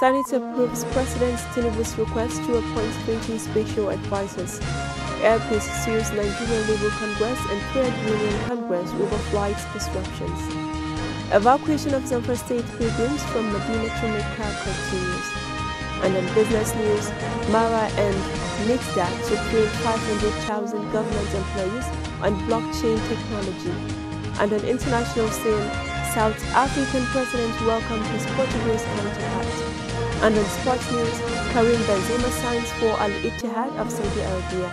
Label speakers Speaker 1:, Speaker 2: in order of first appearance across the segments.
Speaker 1: Senate approves President Tinubu's request to appoint 20 special advisors. Airpeace sues Nigeria Labour Congress and Trade Union Congress over flight disruptions. Evacuation of Zamfara State pilgrims from Medina to Mecca continues. And on business news, Mara and Nixda to create 500,000 government employees on blockchain technology. And on international scene, South African president welcomed his Portuguese counterpart. And on sports news, Karim Benzema signs for Al Ittihad of Saudi Arabia.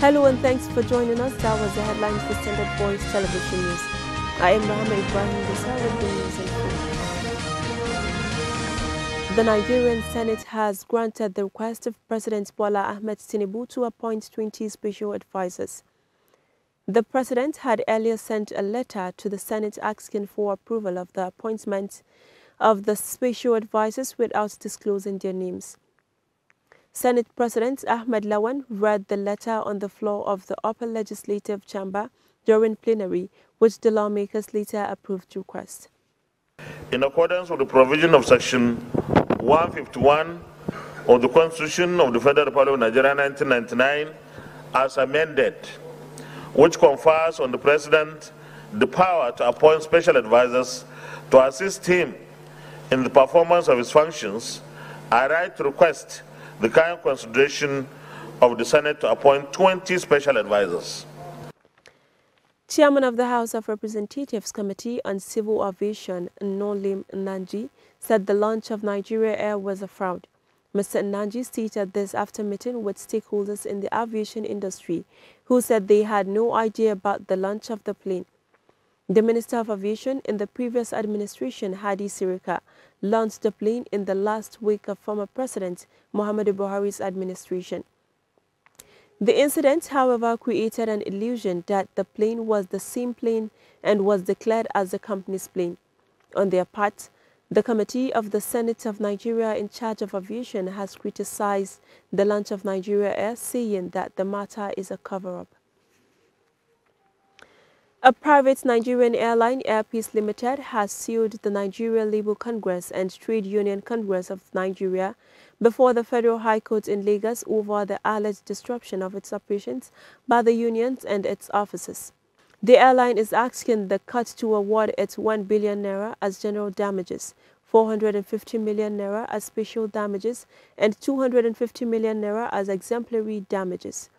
Speaker 1: Hello and thanks for joining us. That was the headlines for Standard Voice Television News. I am The Nigerian Senate has granted the request of President Bola Ahmed Tinubu to appoint 20 special advisers. The president had earlier sent a letter to the Senate asking for approval of the appointment of the special advisers without disclosing their names. Senate President Ahmed Lawan read the letter on the floor of the upper legislative chamber during plenary which the lawmakers later approved to request. In accordance with the provision of Section 151 of the Constitution of the Federal Republic of Nigeria 1999, as amended, which confers on the President the power to appoint special advisors to assist him in the performance of his functions, I write to request the kind consideration of the Senate to appoint 20 special advisors. Chairman of the House of Representatives Committee on Civil Aviation, Nolim Nanji, said the launch of Nigeria Air was a fraud. Mr. Nanji stated this after meeting with stakeholders in the aviation industry, who said they had no idea about the launch of the plane. The Minister of Aviation in the previous administration, Hadi Sirika, launched the plane in the last week of former President Muhammadu Buhari's administration. The incident, however, created an illusion that the plane was the same plane and was declared as the company's plane. On their part, the Committee of the Senate of Nigeria in charge of aviation has criticized the launch of Nigeria Air, saying that the matter is a cover-up. A private Nigerian airline, Air Peace Limited, has sued the Nigeria Labour Congress and Trade Union Congress of Nigeria before the Federal High Court in Lagos over the alleged disruption of its operations by the unions and its offices. The airline is asking the court to award it 1 billion naira as general damages, 450 million naira as special damages, and 250 million naira as exemplary damages.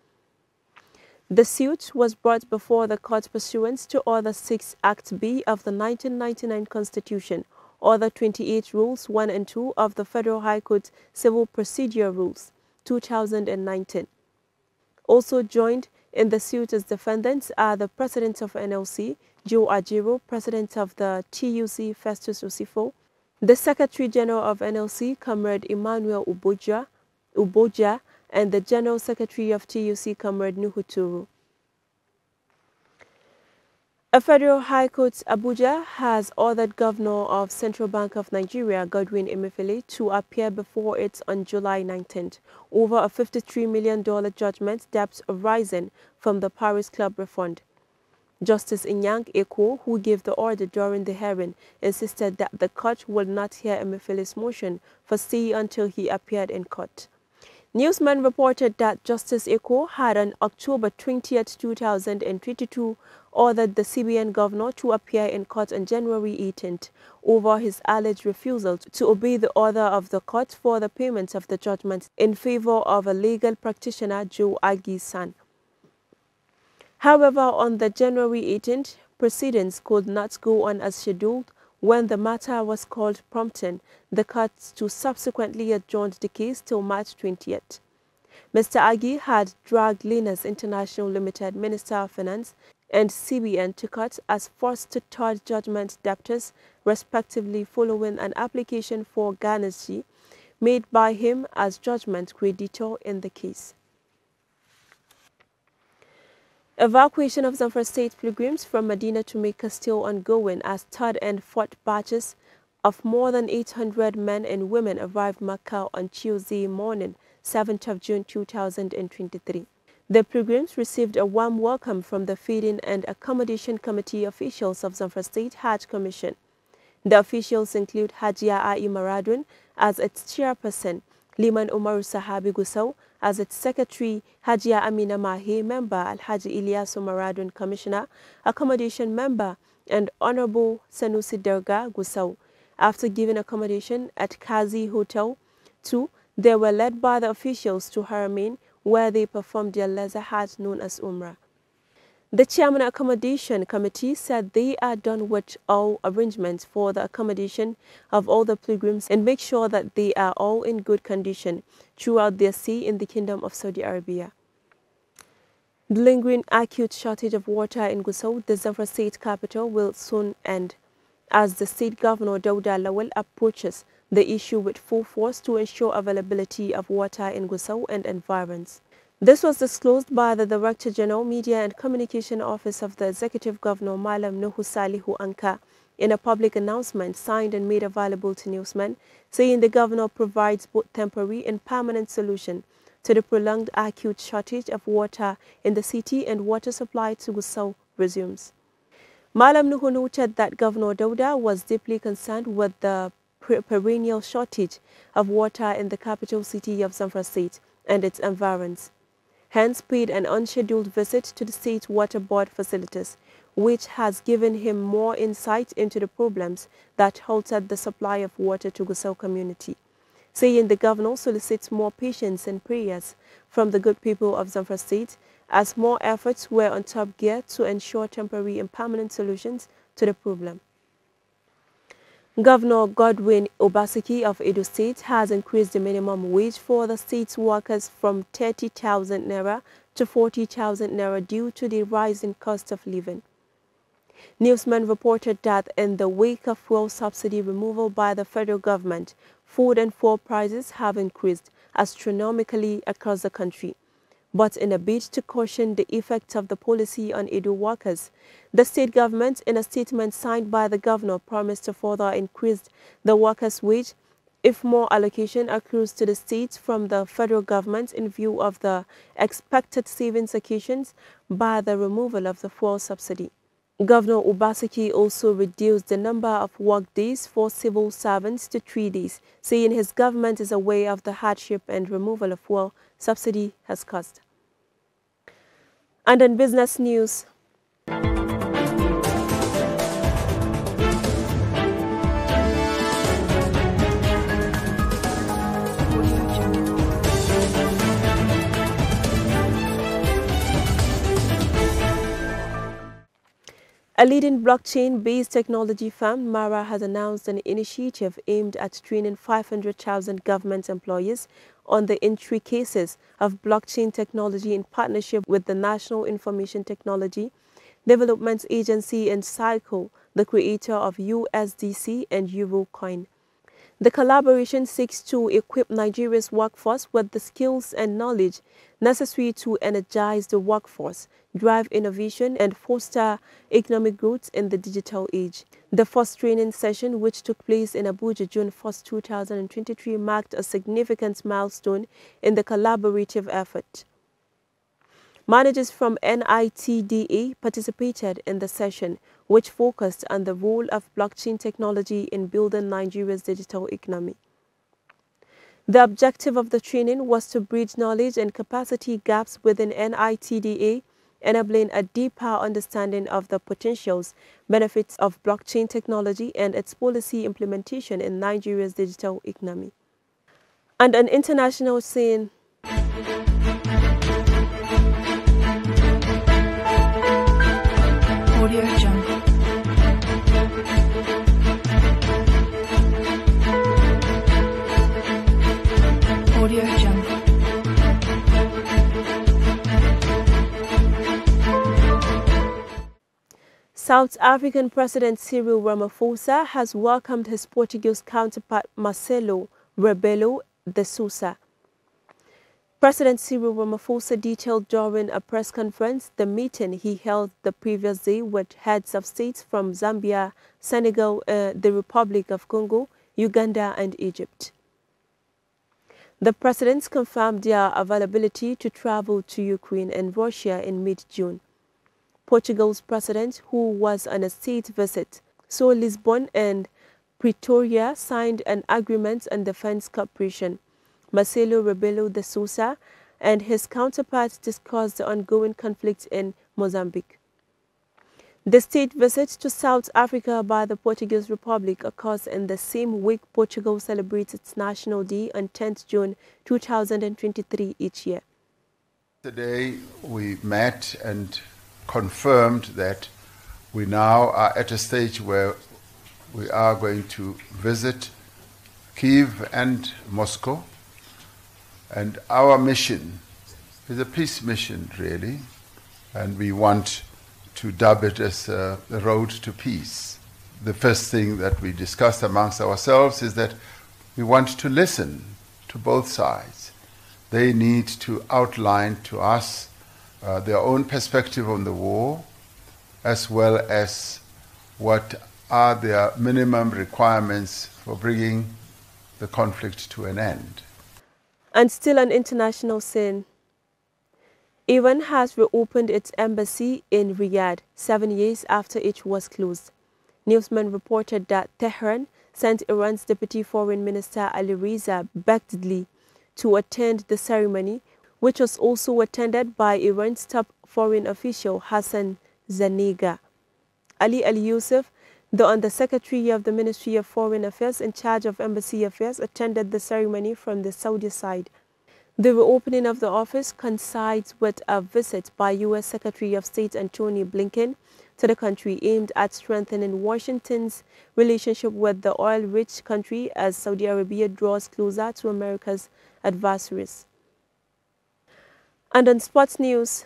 Speaker 1: The suit was brought before the court pursuant to Order 6 Act B of the 1999 Constitution, Order 28 Rules 1 and 2 of the Federal High Court Civil Procedure Rules 2019. Also joined in the suit as defendants are the President of NLC, Joe Ajiro, President of the TUC, Festus Osifo, the Secretary General of NLC, Comrade Emmanuel Uboja, Uboja and the General Secretary of TUC, Comrade Nuhuturu. A federal high court, Abuja, has ordered Governor of Central Bank of Nigeria, Godwin Emefiele, to appear before it on July 19th over a $53 million judgment debt arising from the Paris Club refund. Justice Inyang Eko, who gave the order during the hearing, insisted that the court would not hear Emefiele's motion for stay until he appeared in court. Newsman reported that Justice Eko had on October 20, 2022, ordered the CBN governor to appear in court on January 18 over his alleged refusal to obey the order of the court for the payment of the judgment in favor of a legal practitioner, Joe Agi-san. However, on the January 18th, proceedings could not go on as scheduled when the matter was called prompting the court to subsequently adjourn the case till March 20th. Mr. Agi had dragged Linus International Limited Minister of Finance and CBN to court as first to third judgment debtors, respectively, following an application for garnishee made by him as judgment creditor in the case. Evacuation of Zamfara State pilgrims from Medina to Mecca still ongoing as third and fourth batches of more than 800 men and women arrived Mecca on Tuesday morning, 7th of June 2023. The pilgrims received a warm welcome from the Feeding and Accommodation Committee officials of Zamfara State Hajj Commission. The officials include Hajia Ai Maradun as its chairperson, Liman Umaru Sahabi Gusau as its secretary, Hajia Amina Mahi, member, Alhaji Ilyasu Maradun, commissioner, accommodation member, and Honorable Senusi Derga Gusau. After giving accommodation at Kazi Hotel 2, they were led by the officials to Haramin, where they performed their leather hat known as Umrah. The Chairman Accommodation Committee said they are done with all arrangements for the accommodation of all the pilgrims and make sure that they are all in good condition throughout their stay in the Kingdom of Saudi Arabia. The lingering acute shortage of water in Gusau, the Zamfara state capital, will soon end as the state governor Dauda Lawal approaches the issue with full force to ensure availability of water in Gusau and environs. This was disclosed by the Director General Media and Communication Office of the Executive Governor Malam Nuhu Salihu Anka in a public announcement signed and made available to newsmen, saying the governor provides both temporary and permanent solution to the prolonged acute shortage of water in the city and water supply to Gusau resumes. Malam Nuhu noted that Governor Dauda was deeply concerned with the perennial shortage of water in the capital city of Zamfara State and its environs hence paid an unscheduled visit to the state water board facilities, which has given him more insight into the problems that halted the supply of water to Gusau community. Saying the governor solicits more patience and prayers from the good people of Zamfara State as more efforts were on top gear to ensure temporary and permanent solutions to the problem. Governor Godwin Obaseki of Edo State has increased the minimum wage for the state's workers from 30,000 naira to 40,000 naira due to the rising cost of living. Newsman reported that in the wake of fuel subsidy removal by the federal government, food and fuel prices have increased astronomically across the country. But in a bid to caution the effects of the policy on Edo workers, the state government, in a statement signed by the governor, promised to further increase the workers' wage if more allocation accrues to the states from the federal government in view of the expected savings occasioned by the removal of the fuel subsidy. Governor Obaseki also reduced the number of work days for civil servants to three days, saying his government is aware of the hardship and removal of fuel subsidy has caused and in business news. A leading blockchain-based technology firm, Mara, has announced an initiative aimed at training 500,000 government employees on the entry cases of blockchain technology in partnership with the National Information Technology Development Agency and Cycle, the creator of USDC and Eurocoin. The collaboration seeks to equip Nigeria's workforce with the skills and knowledge necessary to energize the workforce, drive innovation, and foster economic growth in the digital age. The first training session, which took place in Abuja June 1, 2023, marked a significant milestone in the collaborative effort. Managers from NITDE participated in the session, which focused on the role of blockchain technology in building Nigeria's digital economy. The objective of the training was to bridge knowledge and capacity gaps within NITDA, enabling a deeper understanding of the potentials, benefits of blockchain technology and its policy implementation in Nigeria's digital economy. And an international scene. Audio Jungle. Audio Jungle. South African President Cyril Ramaphosa has welcomed his Portuguese counterpart Marcelo Rebelo de Sousa President Cyril Ramaphosa detailed during a press conference the meeting he held the previous day with heads of states from Zambia, Senegal, uh, the Republic of Congo, Uganda and Egypt. The presidents confirmed their availability to travel to Ukraine and Russia in mid-June. Portugal's president, who was on a state visit, saw Lisbon and Pretoria signed an agreement on defense cooperation. Marcelo Rebelo de Sousa, and his counterpart discussed the ongoing conflict in Mozambique. The state visit to South Africa by the Portuguese Republic occurs in the same week Portugal celebrates its National Day on 10th June 2023 each year. Today we met and confirmed that we now are at a stage where we are going to visit Kiev and Moscow and our mission is a peace mission, really, and we want to dub it as a, road to peace. The first thing that we discussed amongst ourselves is that we want to listen to both sides. They need to outline to us uh, their own perspective on the war, as well as what are their minimum requirements for bringing the conflict to an end and still an international sin. Iran has reopened its embassy in Riyadh seven years after it was closed. Newsman reported that Tehran sent Iran's Deputy Foreign Minister Ali Reza Baghdadi to attend the ceremony, which was also attended by Iran's top foreign official Hassan Zaniga. Ali Al Youssef the Undersecretary of the Ministry of Foreign Affairs in charge of embassy affairs attended the ceremony from the Saudi side. The reopening of the office coincides with a visit by U.S. Secretary of State Antony Blinken to the country aimed at strengthening Washington's relationship with the oil-rich country as Saudi Arabia draws closer to America's adversaries. And on sports news,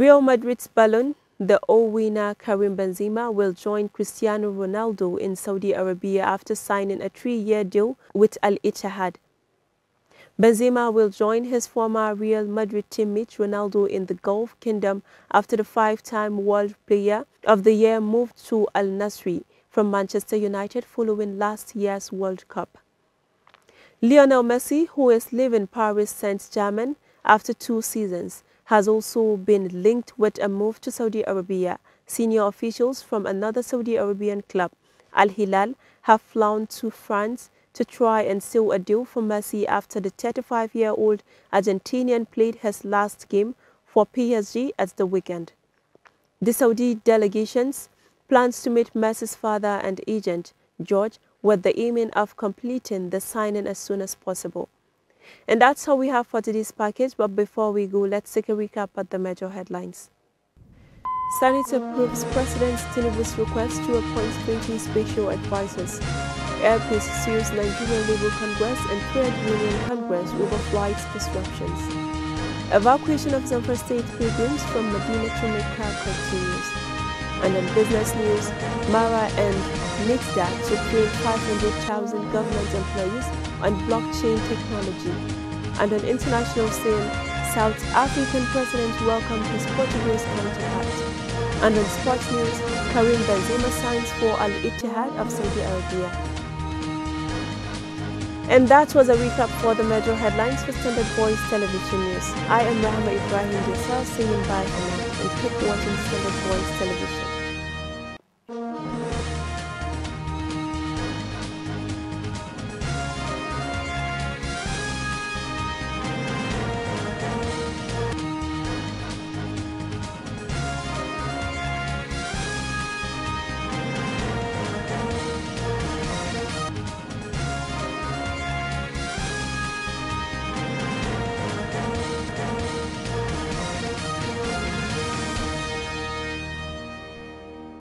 Speaker 1: Real Madrid's Ballon all winner Karim Benzema will join Cristiano Ronaldo in Saudi Arabia after signing a three-year deal with Al Ittihad. Benzema will join his former Real Madrid teammate Ronaldo in the Gulf Kingdom after the five-time World Player of the Year moved to Al Nasri from Manchester United following last year's World Cup. Lionel Messi, who is leaving Paris Saint-Germain after two seasons, has also been linked with a move to Saudi Arabia. Senior officials from another Saudi Arabian club, Al Hilal, have flown to France to try and seal a deal for Messi after the 35-year-old Argentinian played his last game for PSG at the weekend. The Saudi delegations plans to meet Messi's father and agent, George, with the aiming of completing the signing as soon as possible. And that's all we have for today's package, but before we go, let's take a recap at the major headlines. Senate approves President Tinubu's request to appoint 20 special advisors. Peace sues Nigerian Labour Congress and Third Union Congress over flight disruptions. Evacuation of Zamfara State pilgrims from Medina to Mecca continues. And on business news, Mara and Nixda to create 500,000 government employees on blockchain technology. And on international scene, South African president welcomed his Portuguese counterpart. And on sports news, Karim Benzema signs for Al Ittihad of Saudi Arabia. And that was a recap for the major headlines for Standard Voice Television News. I am Rahma Ibrahim Dessal, saying bye for now and keep watching Standard Voice Television.